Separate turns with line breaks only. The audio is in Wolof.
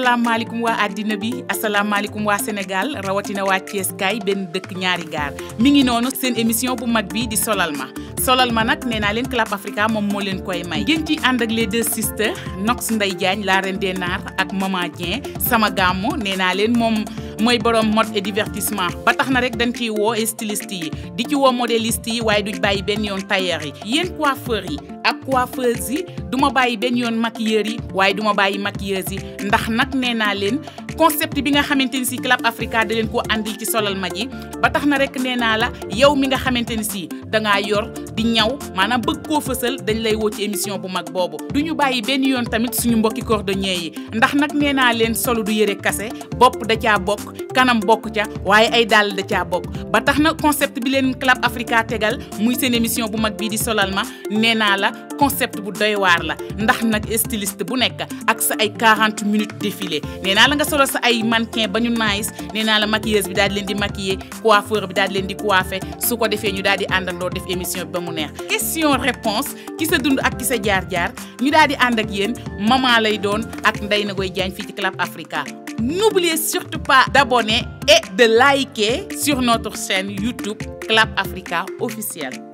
asalaamaaleykum waa àddina bi asalaamaaleykum waa Sénégal rawatina waa Thiès kaay benn dëkk ñaari gaar mi ngi noonu seen émission bu mag bi di solal ma solal ma nag nee naa leen Clap Africa moom moo leen koy may. ngeen ci ànd ak les deux sisters Nox Ndeye Diagne la reine des ak Maman Dieng sama gàmmu nee naa leen moom. moy borom mode et divertissement ba taxna rek dañ ciy styliste yi di ci wo modéliste yi waye duñ bàyyi ben yon tailleur yi yéen coiffeur yi ak coiffeuse yi duma ma ben yon maquilleur yi waye duma ma maquilleuse yi ndax nak nee len concept bi nga xamanteni si Club Africa da leen ko andil ci solal ma ji ba tax na rek nee naa la yow mi nga xamanteni si da dangaa yor di ñaw bëgg ko fësal dañ lay ci émission bu mag boobu du bàyyi yoon tamit suñu mbokki cordonnier yi ndax nag nee solo du yëre kase bopp da caa bokk kanam bokk ca waaye ay dàll da caa bokk concept bi Club Africa tegal muy seen émission bu mag di concept bu doy war la ndax styliste bu ak 40 minutes défilé néna la nga solo sa ay mannequin bañu nice néna la maquilleuse bi maquiller coiffeur bi di coiffer ñu di def émission question réponse ki sa dund ak ki sa ñu di maman lay doon ak Africa. N'oubliez surtout pas d'abonner et de liker sur notre chaîne YouTube Clap Africa officielle.